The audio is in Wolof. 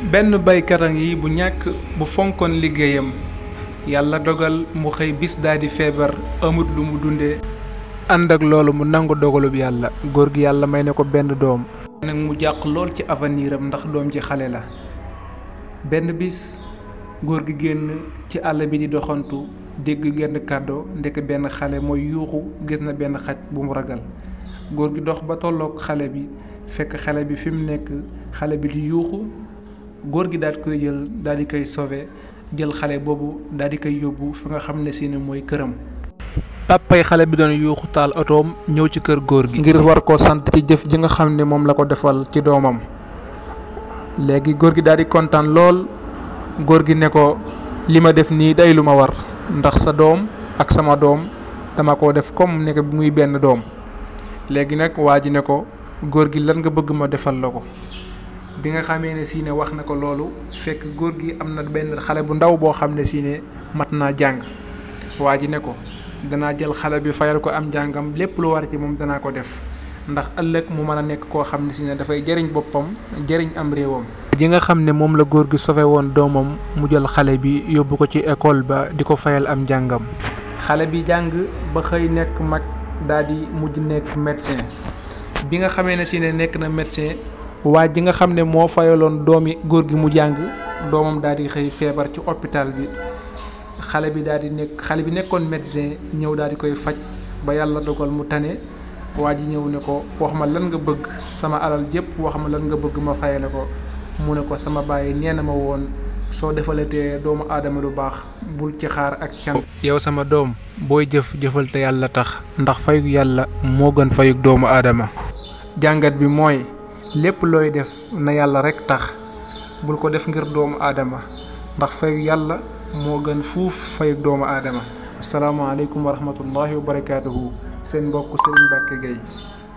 benn baykaran yi bu ñàkk bu fonkoon liggéeyam yàlla dogal mu xëy bis daldi feebar amut lu mu dunde ànd ak loolu mu nangu dogalub yàlla góor gi yàlla may ne ko benn doom nag mu jàq lool ci avenir ndax doom ji xale la benn bis góor gi génn ci àll bi di doxantu dégg genn kàddoo ndekk benn xale mooy yuuxu gis na benn xaj bu mu ragal góor gi dox ba tolloog xale bi fekk xale bi fi mu nekk xale bi di yuuxu góor gi daal di koy jël daal di koy sauver jël xale boobu daal di koy yóbbu fi nga xam ne si ne mooy këram. pàppay xale bi doon yuuxu taal otoom ñëw ci kër góor gi. ngir war koo sant ci jëf ji nga xam ne moom la ko defal ci doomam léegi góor gi daal di kontaan lool góor gi ne ko li ma def nii day lu ma war ndax sa doom ak sama doom dama ko def comme bi muy benn doom léegi nag waa ji ne ko góor gi lan nga bëgg ma defal la ko. bi nga xamee ne si ne wax na ko loolu fekk góor gi am na benn xale bu ndaw boo xam ne si ne mat naa jàng waa ji ne ko danaa jël xale bi fayal ko am njàngam lépp lu war ci moom danaa ko def ndax ëllëg mu mën a nekk koo xam ne si ne dafay jëriñ boppam jariñ am réewam. ji nga xam ne moom la góor gi sauvé woon doomam mu jël xale bi yóbbu ko ci école ba di ko fayal am jàngam xale bi jàng ba xëy nekk mag daal di mujj nekk médecin bi nga xamee ne si nekk na médecin. waa ji nga xam ne moo fayaloon doomi góor gi mu jàng doomam daal di xëy feebar ci hôpital bi xale bi daal di nekk xale bi nekkoon médecin ñëw daal di koy faj ba yàlla dogal mu tane waa ji ñëw ne ko wax ma lan nga bëgg sama alal jëpp wax ma lan nga bëgg ma fayale ko mu ne ko sama bàyyi nee na ma woon soo defalatee doomu aadama lu baax bul ci xaar ak can yow sama doom booy jëf jëfal te yàlla tax ndax fayu yàlla moo gën fayug doomu aadama jàngat bi mooy lépp looy def na yàlla rekk tax bul ko def ngir doomu aadama ndax fayu yàlla moo gën fuuf fay doomu aadama asalaamaaleykum wa rahmatullahi wa barakaatuhu seen mbokk Serigne Mbacke Gueye